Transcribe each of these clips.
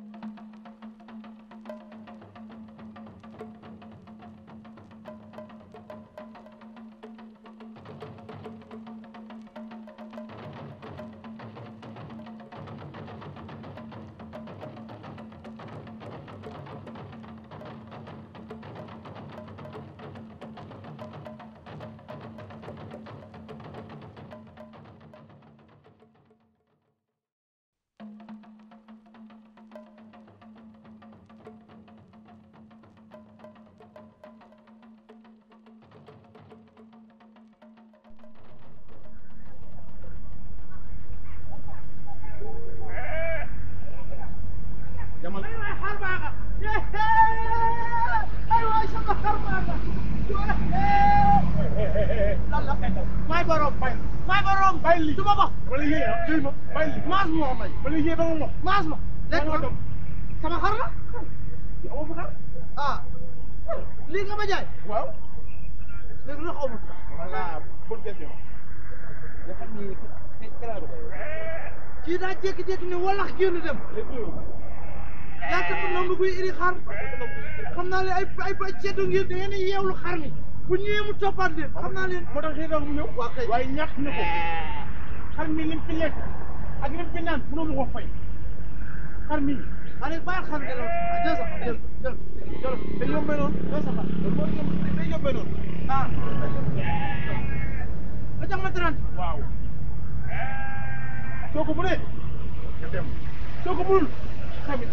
Thank you. may borom bay may borom bay li du ma ba wala yé doy ma bay li maas moo may wala yé ba mo maas ma lekk sama xar la yow ma xar ah lii nga ma jaay waaw léegi lu xawma voilà bonne question dafa ni kii daa jékki-jékki ni walax génn dem laa takk ndox guy indi xar xam naa leen ay ay ay ceddo ngeen da ngeen a yeewlu xar mi bu ñëwee mu toppaat leen xam naa leen. moo tax xëy na mu ñëw waaye ñàkk na ko xar mi lim fi lekk ak lim fi naan mënoo ma ko fay xar mi. allé baal xar nga doon ah, jël sa jël jël jël day yombee noonu jël sa xar day yombee noonu ah. ba jox ma trente. waaw. soo ko mënee nga dem soo ko mënul xamit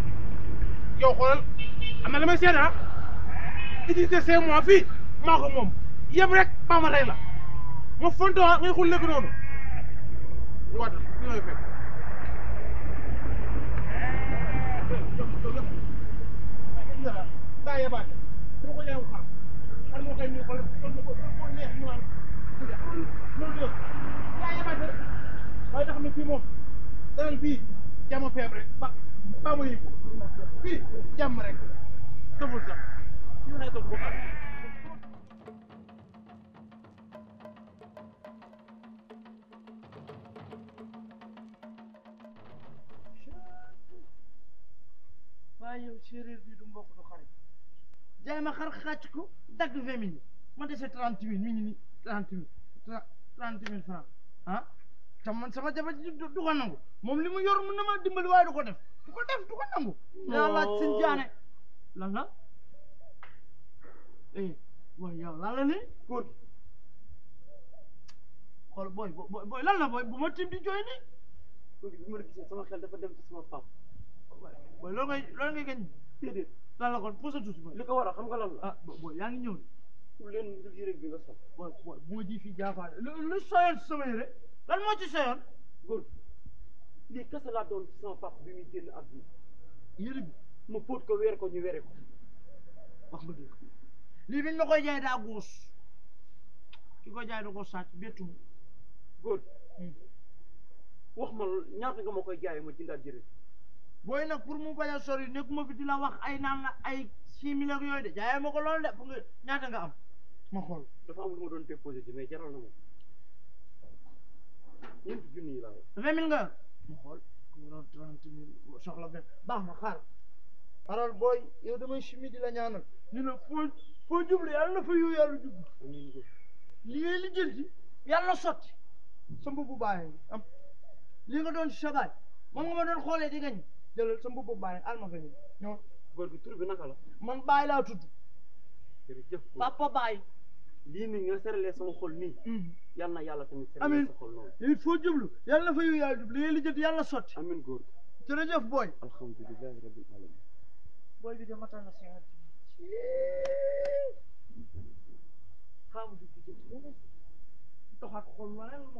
yow xoolal am na damay seet ah Idrissa Seck moom fii maa ko moom yem rek maa ma rey la ma fontoo ah, ngay xul léegi noonu waat li ngay fekk daa yebaate dama ko jaamu xar xar moo koy ñu xool ma ko ko de daa yebaate jàmm rek doful sax ñu ne dof bu xam waaye yow séeréer bi du mbokk du xarit jaay ma xar xàcc ko dagg vingt mille ma dese trente mille mi ngi nii trente mille trente mille franc ah te man sama jabar ji du ko nangu li mu yor mën na ma dimbali waaye du ko du ko def du ko nangu. daa laaj oh. sëñ jaane lan la eh waaye yow lan la nii góor gi xool booy bu ma tiim di jooy nii. góor gi sama xel dafa dem ci sama pap booy loolu ngay loolu ngay gañ déedéet lan la kon pour sa tuuti booy li ko war a xam nga lan la ah booy yaa ngi ñëw ni pour leen ndul yére bi nga sol lii kese doon sama pap bi muy génn àdduna yére bi ma fóot ko weer ko ñu were ko wax nga dëgg lii biñ ma koy jaay daa guus ki ko jaay da ko sàcc bettu góor hmm. wax ma ñaata nga ma koy jaay ma jëndaat jëre booy nag pour mu bañ a sori nekkuma fi di la wax ay naan la ay six yooyu de jaayee ma ko lool de ñaata nga am ma xool dafa am lu ma doon déposé ji mais jaral na moom ñeenti junni yi laa wax vingt mille nga mu xool mu doon trente mille soxla vingt baax ma xaar xaaral booy yow damay chimie di la ñaanal ñu ne foo foo jublu yàlla na fa yow yàlla jublu li ngay lijjanti yàlla sotti sa mbubu bàyyi am li nga doon ci sa baay moom nga ma doon xoolee di gañ jëlal sa mbubu bàyyi alma gañ ñoo góor gi tur bi naka man bàyyi laa tudd papa bàyyi lii nii nga seralee sama xol nii. Hmm. yal na yàlla tamit seralee sa xol noonu. amiin foo jublu yal na fa yu yaay jublu li jot yàlla sotti. amiin góor jërëjëf booy. alhamdulilah rabbil alamin. booy bi de matal na si waat. xaamu bi di jot doxaat xol wala mu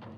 am.